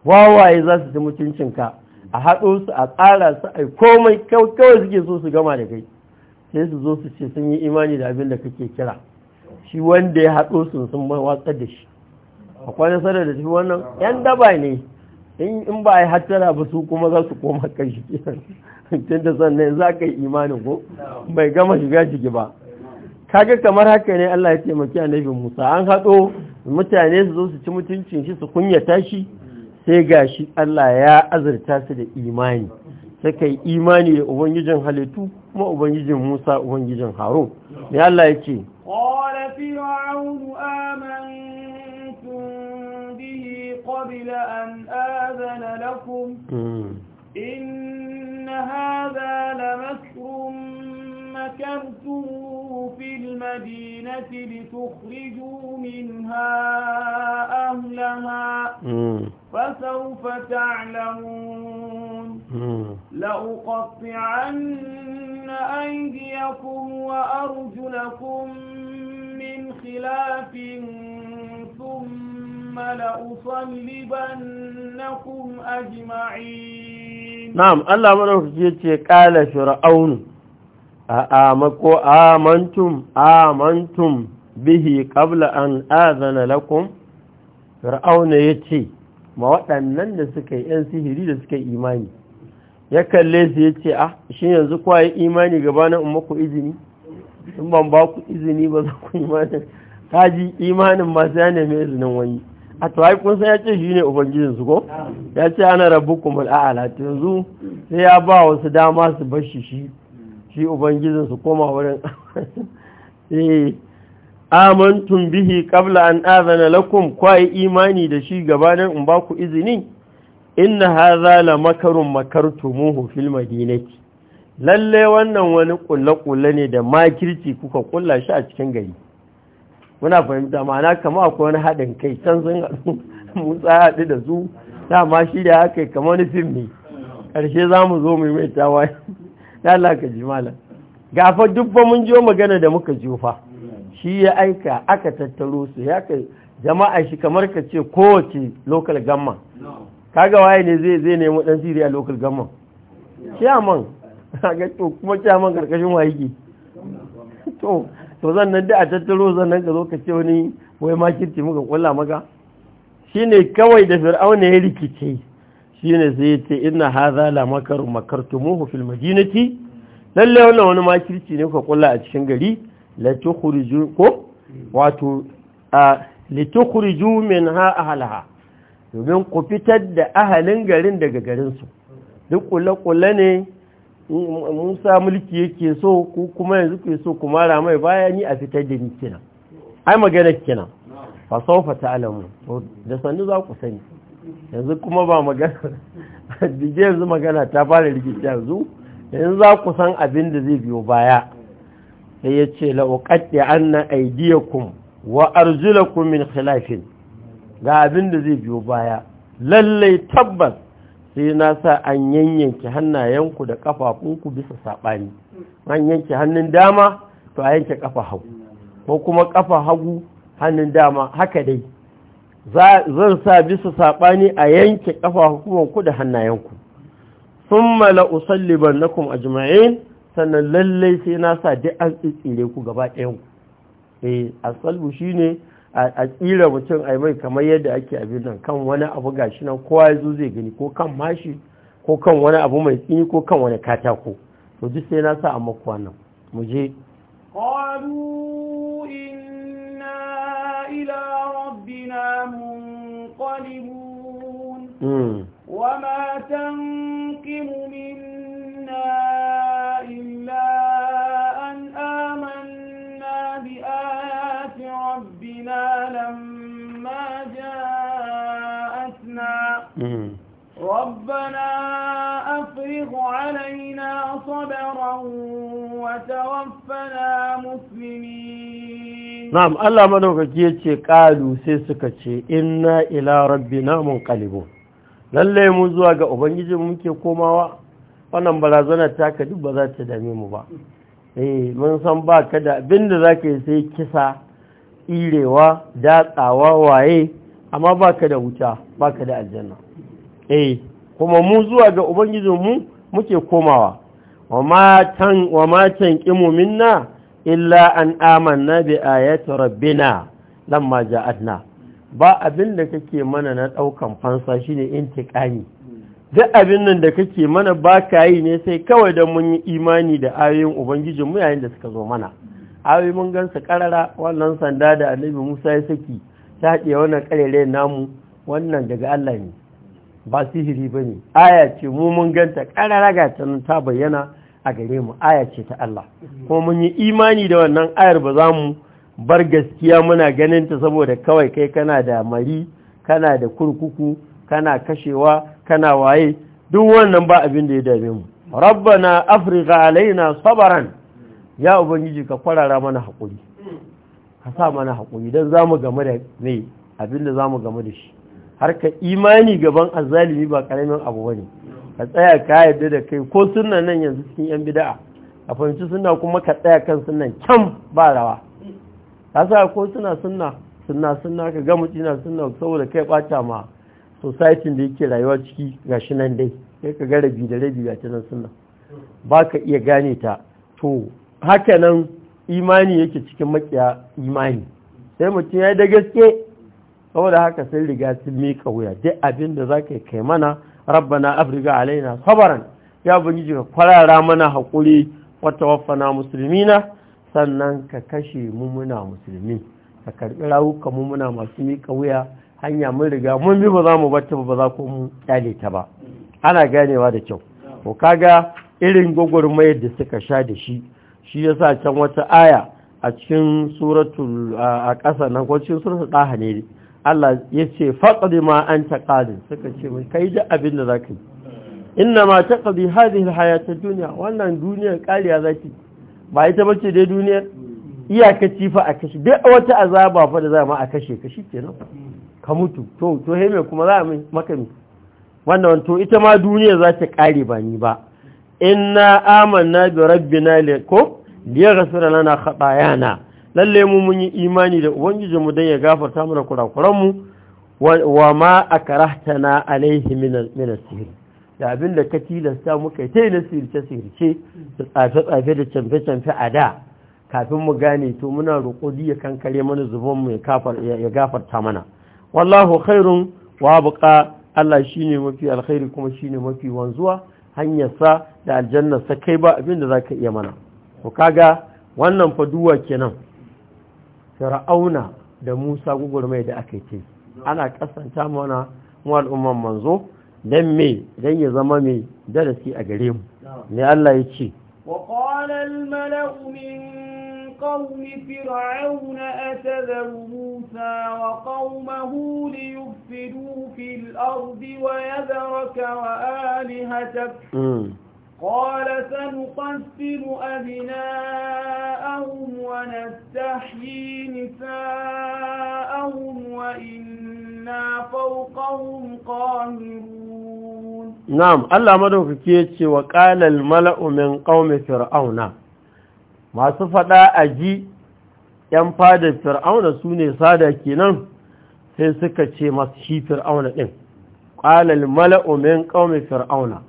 wawaye za su ci mutuncinka a haɗo su a tsara su a komai kawai suke so su gama da kai sai su zo su ce sun yi imani da abin da kake kira shi wanda ya haɗo su sun watsar da shi a kwanan sanar da shi wannan yan daba ne in ba a yi hattara ba su kuma za su koma kan shi tun da sannan za ka yi imanin ko bai gama shiga shigi ba kaga kamar haka ne Allah ya taimaki annabi Musa an haɗo mutane su zo su ci mutuncin shi su kunyata shi sai ga shi Allah ya azurta su da imani suka yi imani da ubangijin halittu kuma ubangijin Musa ubangijin Harun ne Allah ya ce qala مكرتموه في المدينة لتخرجوا منها أهلها فسوف تعلمون لأقطعن أيديكم وأرجلكم من خلاف ثم لأصلبنكم أجمعين نعم الله ملوك جيتي قال فرعون A'a amako amantum amantum bihi qabla an azana lakum fir'auna yace ma waɗannan da suka yi 'yan sihiri da suka yi imani ya kalle su ya ce ah shi yanzu kwa yi imani gabanin in izini in ban ba ku izini ba za ku imanin kaji imanin sai ya nemi izinin wani a tuwai kun san ya ce shi ne su ko ya ce ana rabu kuma al'ala yanzu sai ya ba wasu dama su bashi shi shi ubangijin su koma wurin eh bihi kabla an azana lakum kwai imani da shi gabanin in ba ku izini inna hadha la makarun makartumuhu fil madinati lalle wannan wani kulle-kulle ne da makirci kuka kulla shi a cikin gari muna fahimta ma'ana kama akwai wani haɗin kai can sun haɗu musa haɗu da su dama shi da haka kama wani fim ne ƙarshe za mu zo mai mai tawaye da Allah ka ji malam gafa dubba mun jiyo magana da muka jiyo fa shi ya aika aka tattaro su ya kai jama'a shi kamar ka ce kowace local gamma kaga waye ne zai zai nemi dan siri a local gamma chairman ga to kuma chairman karkashin waye to to nan da a tattaro nan ka zo ka ce wani wai makirci muka kulla maka shine kawai da fir'auna ya rikice shine zai ya ce inna hadha la makaru makartumuhu fil madinati lalle wannan wani makirci ne kuka kula a cikin gari la tukhriju ko wato a li domin ku fitar da ahalin garin daga garin su duk kula-kula ne musa mulki yake so ku kuma yanzu ku so kuma mara mai bayani a fitar da ni kina ai magana kina fa sawfa ta'lamu da sannu za ku sani yanzu kuma ba magana dige yanzu magana ta fara rikici yanzu yanzu za ku san abin da zai biyo baya sai ya ce la'uƙaɗe an na aidiyakun wa arzulakun min khilafin ga abin da zai biyo baya lallai tabbas sai na sa an yanyanke hannayenku da ƙafafunku bisa saɓani an yanke hannun dama to a yanke ƙafa hagu ko kuma ƙafa hagu hannun dama haka dai zan sa bisa saɓani a yanke ƙafa hukumanku da hannayenku sun mala usalliban na kuma ajima'in sannan lallai sai na sa dai an tsitsire ku gaba ɗayanku ku? Eh, a salbu shi ne a tsira mutum a mai kamar yadda ake abin nan kan wani abu gashi nan kowa ya zo zai gani ko kan mashi ko kan wani abu mai tsini ko kan wani katako to duk sai na sa a maku wannan mu je ربنا منقلبون وما تنقم منا إلا أن آمنا بآيات ربنا لما جاءتنا ربنا أفرغ علينا صبرا وتوفنا مسلمين نعم الله منوك جيتي قالوا سيسكتي إنا إلى ربنا منقلبون lallai mu zuwa ga ubangiji muke komawa wannan barazanar ka duk ba za ta dame mu ba eh mun san ba ka da za ka yi sai kisa irewa datsawa waye amma ba ka da wuta ba ka da aljanna eh kuma mu zuwa ga ubangijinmu muke komawa wa matan Ila ƙimu minna illa an amanna bi ayati rabbina lamma ja'atna ba abin da kake mana na ɗaukan fansa shine intiqami duk abin nan da kake mana ba ka yi ne sai kawai da mun yi imani da ayoyin ubangijinmu yayin da suka zo mana ayoyi mun gansa karara wannan sanda da annabi musa ya saki ta haɗe wannan ƙarere namu wannan daga allah ne ba sihiri ba ne aya ce mu mun ganta ƙararraga ta nan ta bayyana a gare mu aya ce ta Allah kuma mun yi imani da wannan ayar ba za mu bar gaskiya muna ganin ta saboda kawai kai kana da mari kana da kurkuku kana kashewa kana waye duk wannan ba abin da ya dame mu rabbana afirka alaina sabaran ya ubangiji ka kwarara mana haƙuri ka sa mana hakuri don zamu game da ne abin da za game da shi Har ka imani gaban azalimi ba karamin abu bane ka tsaya ka yarda da kai ko sunnan nan yanzu cikin yan bida'a a fahimci sunna kuma ka tsaya kan sunan kyan ba rawa sa ko suna sunna sunna sunna ka ga mutum na sunna saboda kai bata ma society da yake rayuwa ciki gashi nan dai sai ka ga rabi da rabi gashi nan sunna ba ka iya gane ta to haka nan imani yake cikin makiya imani sai mutum ya da gaske saboda haka sun riga sun miƙa wuya duk abin da za ka kai mana rabbana afirka alaina sabaran ya bunyi ka kwarara mana haƙuri wata wafana na sannan ka kashe mummuna musulmi ka karɓi rahuka mummuna masu miƙa wuya hanya mun riga mun bi ba za mu bata ba za ko mu kyale ta ba ana ganewa da kyau ko kaga irin gwagwarmayar da suka sha da shi shi sa can wata aya a cikin suratul a ƙasa nan ko cikin suratul ɗaha ne Allah ya ce faɗaɗi ma an taƙadin suka ce mai kai da abin da za ka yi ina ma taƙaɗi hadin hayatar duniya wannan duniyar ƙariya za ki ba ita ce dai duniyar iyaka cifa a kashe dai wata azaba fa da za ma a kashe ka shi nan ka mutu to to he me kuma za a maka makami wannan to ita ma duniya za ta ƙare ba ni ba inna amanna bi rabbina li ko li yaghfir lana khatayana lalle mu mun yi imani da ubangiji mu dan ya gafarta mana kurakuran mu wa ma akrahtana alaihi min min da abin da ka tilasta muka yi tai na sihirce sihirce da tsafe tsafe da canfe canfe a da kafin mu gane to muna roƙo ya kankare mana zuban mu ya gafarta mana wallahu khairun wa buqa Allah shine mafi alkhairi kuma shine mafi wanzuwa hanyar sa da aljanna sa kai ba abin da zaka iya mana to kaga wannan faduwa kenan fir'auna da musa gugurmai da aka ce ana kasanta mana mu al'umman manzo dan me dan ya zama mai darasi a gare mu ne Allah ya ce wa qala al-mala'u min قوم فرعون أتذر موسى وقومه ليفسدوا في الأرض ويذرك وآلهتك قال سنقتل أبناءك وهم allah نعم ya ce wa ƙalal الملأ من Fir'auna? Masu faɗa a ji yan fadar fir'auna su ne sada kenan sai suka ce masu shi fir'auna ɗin ƙalal mala'umin ƙaumin fir'auna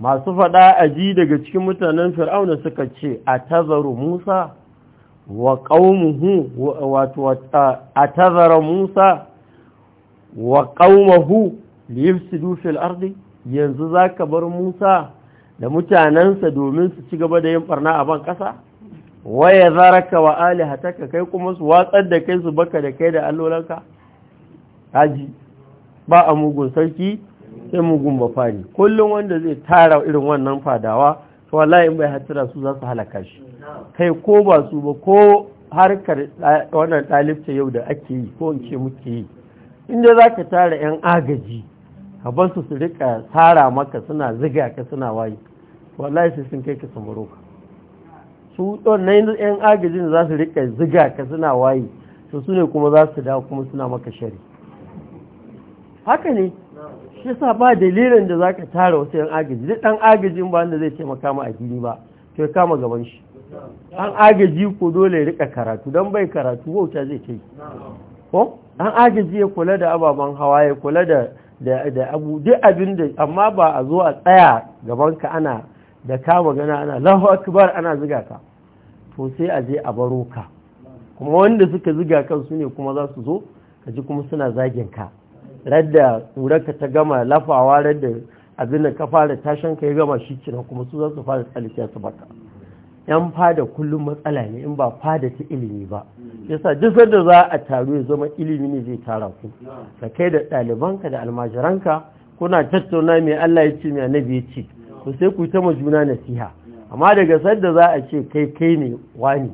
masu faɗa aji daga cikin mutanen fir'auna suka ce a tazaru musa wa ƙaunuhu wato a tazara musa wa qaumahu liyufsidu fil ardi yanzu zaka bar Musa da mutanansa domin su ci gaba da yin barna a ban kasa waya zaraka wa alihataka kai kuma su watsar da kai su baka da kai da allolanka haji ba a mugun sarki sai mugun bafari kullum wanda zai tara irin wannan fadawa to wallahi in bai hatira su za su halaka shi kai ko ba su ba ko harkar wannan ɗalibta yau da ake yi ko in ce muke yi inda za ka tara 'yan agaji abansu su rika tsara maka suna ziga ka suna wayi wallahi sai sun kai ka samaro ka su ɗannan 'yan agajin za su rika ziga ka suna wayi, su su ne kuma za su dawo kuma suna maka shari haka ne shi sa ba dalilin da za ka tara wasu 'yan agaji duk ɗan agajin ba wanda zai taimaka ma addini ba to ya kama gaban shi an agaji ko dole rika karatu don bai karatu wauta zai ta yi ko an agaji ya kula da ababen hawa ya kula da abu duk abin da amma ba a zo a tsaya gaban ka ana da ka magana ana lahu akbar ana ziga ka to sai a je a baro ka kuma wanda suka ziga kan su ne kuma za su zo ka ji kuma suna zagin ka radda uraka ta gama lafawa radda abin da ka fara tashin ka ya gama shi kuma su za su fara tsalisiya su baka yan fada kullum matsala ne in ba fada ta ilimi ba yasa duk da za a taru ya zama ilimi ne zai tara ku da kai da ɗalibanka da almajiranka kuna tattauna mai Allah ya ce mai annabi ya ce ku sai ku ta majuna nasiha amma daga sadda za a ce kai kai ne wani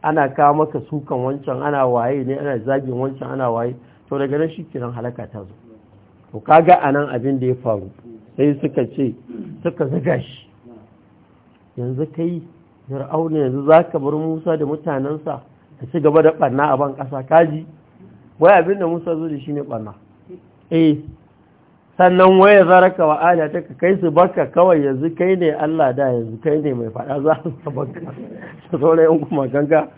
ana kawo maka sukan wancan ana waye ne ana zagin wancan ana waye to daga nan kiran halaka ta zo to kaga a nan abin da ya faru sai suka ce suka zaga shi yanzu kai fir'auna yanzu za ka bar musa da mutanensa ta ci gaba da ɓanna a ban ƙasa kaji wai abin da musa zo da shi ne ɓanna eh sannan waya zaraka wa ala ta ka kai su baka kawai yanzu kai ne allah da yanzu kai ne mai faɗa za su baka su zaune yan kuma ganga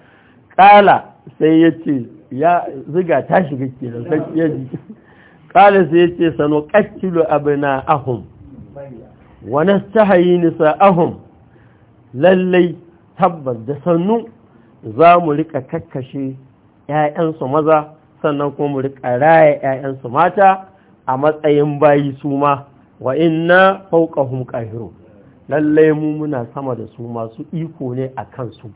ƙala sai ya ce ya ziga ta shiga da sai ya ji ƙala sai ya ce sanu ƙattilo abina ahum wa nastahayi nisa ahum lallai tabbas da sannu za mu rika kakkashe 'ya'yansu maza sannan kuma mu rika raya 'ya'yansu mata a matsayin bayi su ma wa fauƙa fawqahum ƙahiro lallai mu muna sama da su masu iko ne a kansu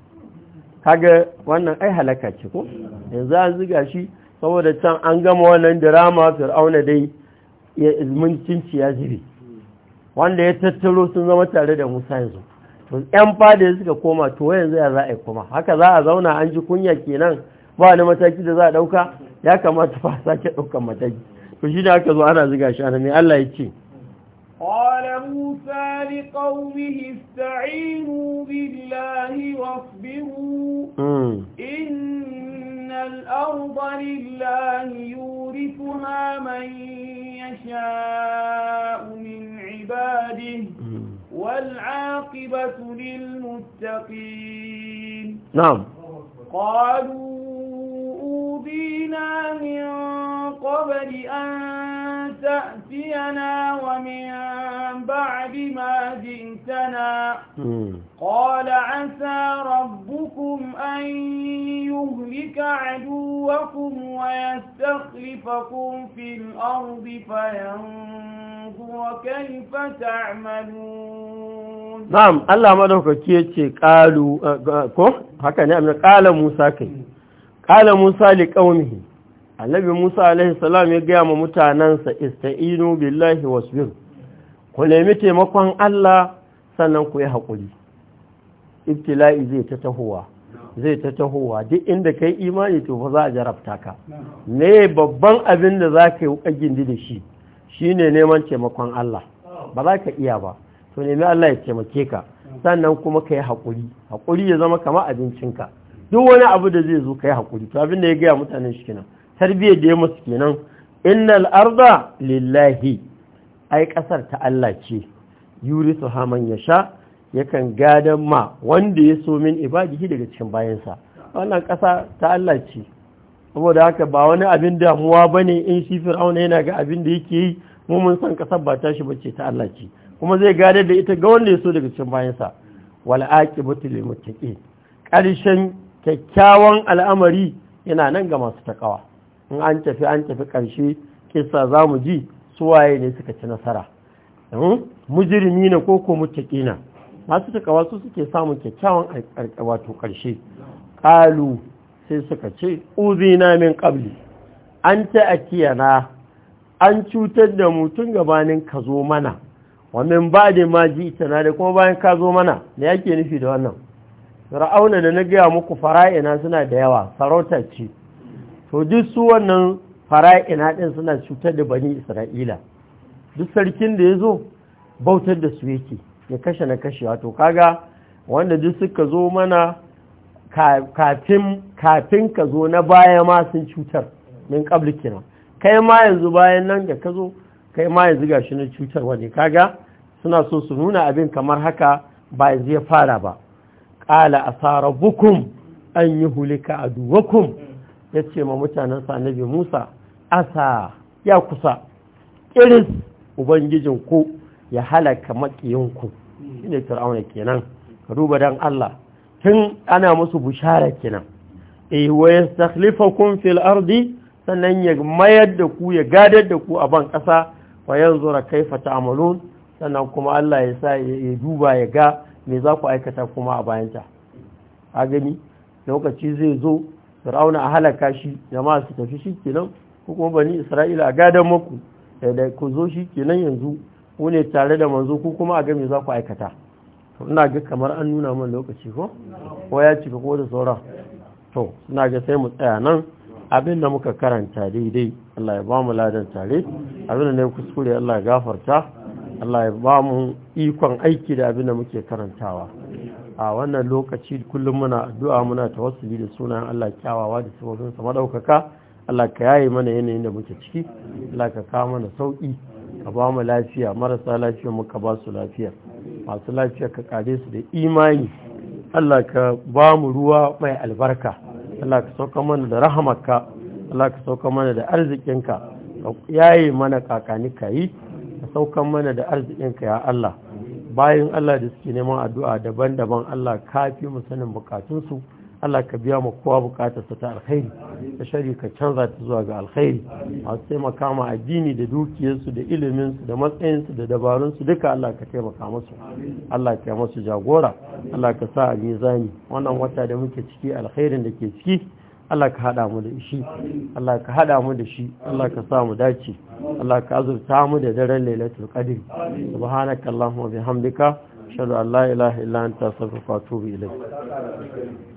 kaga wannan ai halaka ce ko yanzu an ziga shi saboda can an gama wannan dirama fir'auna dai ya izmin cinci ya jire wanda ya tattaro sun zama tare da musa yanzu to yan fada suka koma to yanzu ya za a yi kuma haka za a zauna an ji kunya kenan ba wani mataki da za a ɗauka ya kamata fa sake ɗaukan mataki to shi da aka zo ana ziga shi ana mai Allah ya ce قال موسى لقومه استعينوا بالله واصبروا إن الأرض لله يورثها من يشاء من عباده والعاقبة للمتقين نعم قالوا يؤذينا من قبل أن تأتينا ومن بعد ما جئتنا قال عسى ربكم أن يهلك عدوكم ويستخلفكم في الأرض فينظر كيف تعملون نعم الله ما دوكا كيتشي قالوا كو هكا نعم قال موسى كي ƙala musa li ƙaunihi annabi musa alaihi salam ya gaya ma mutanensa ista'inu billahi wasbir ku nemi taimakon allah sannan ku yi haƙuri ibtila'i zai ta tahowa zai ta tahowa duk inda yi imani to ba za a jarabta ka ne babban abin da za ka yi gindi da shi shi ne neman taimakon allah ba za ka iya ba to nemi allah ya taimake ka sannan kuma ka yi haƙuri haƙuri ya zama kama abincinka duk wani abu da zai zo kai hakuri to abin da ya gaya mutanen shi kenan tarbiyyar da ya musu kenan innal arda lillahi ai kasar ta Allah ce su haman ya sha yakan gadan ma wanda ya so min ibadihi daga cikin bayansa wannan kasa ta Allah ce saboda haka ba wani abin damuwa ba ne in shi fir'auna yana ga abin da yake yi mu mun san kasar ba tashi bace ta Allah ce kuma zai gadar da ita ga wanda ya so daga cikin bayansa wal aqibatu lil muttaqin ƙarshen kyakkyawan al'amari yana nan ga masu takawa in an tafi an tafi ƙarshe kisa za mu ji waye ne suka ci nasara hmm? mujirimi na koko na. masu takawa su suke samun kyakkyawan wato ƙarshe ƙalu sai suka ce uzina min ƙabli an na. an cutar da mutum gabanin ka zo mana wannan ba da ma ji ita na da kuma bayan ka zo mana me yake nufi da wannan fir'auna da na gaya muku fara'ina suna da yawa sarauta ce to duk su wannan fara'ina ɗin suna cutar da bani isra'ila duk sarkin da ya zo bautar da su yake ya kashe na kashe wato kaga wanda duk suka zo mana kafin ka zo na baya ma sun cutar min kina kai ma yanzu bayan nan da ka zo kai ma yanzu shi na cutar wani kaga suna so su nuna abin kamar haka ba yanzu ya fara ba ƙala a tsara bukum an yi hulika a duwakum ya ce ma mutanen sanabi musa asa ya kusa ubangijin ku ya halaka maƙiyinku shi ne fir'auna kenan ka duba don allah tun ana musu bushara kenan eh wa kun fil ardi sannan ya mayar da ku ya gadar da ku a ban ƙasa wa kai kaifa ta'malun sannan kuma Allah ya sa ya duba ya ga me za ku aikata kuma a bayanta a gani lokaci zai zo fir'auna a halaka shi jama'a su tafi shi kenan ko kuma bani isra'ila a gadon maku eh, da ku zo shi kenan yanzu ku ne tare da manzo ku kuma a ga me za ku aikata to ina ga kamar an nuna man lokaci ko ko ya cika ko da sauran to ina ga sai mu tsaya nan abin da muka karanta daidai Allah ya ba mu ladan tare abin da ne kuskure Allah ya gafarta Allah ya ba mu ikon aiki da abin da muke karantawa a wannan lokaci kullum muna addu'a muna tawassuli da sunan Allah kyawawa da sabon sa madaukaka Allah ka yaye mana yanayin da muke ciki Allah ka kawo mana sauki ka ba mu lafiya marasa lafiya muka ba su lafiya masu lafiya ka kare su da imani Allah ka ba mu ruwa mai albarka Allah ka sauka mana da rahamarka Allah ka sauka mana da arzikinka yaye mana kakani kai ka saukan mana da arzikinka ya Allah bayan Allah da suke neman addu'a daban-daban Allah ka fi mu sanin bukatunsu Allah ka biya mu kowa bukatarsa ta alkhairi ta shari ka canza ta zuwa ga alkhairi masu taimaka ma addini da dukiyarsu da iliminsu da matsayinsu da dabarunsu duka Allah ka taimaka musu Allah ka masu jagora Allah ka sa a nizani wannan wata da muke ciki alkhairin da ke ciki Allah ka haɗa mu da shi Allah ka haɗa mu da shi Allah ka sa mu dace Allah ka azurta mu da daren lailatul qadr subhanakallahumma bihamdika ashhadu an la ilaha illa anta astaghfiruka wa atubu ilayk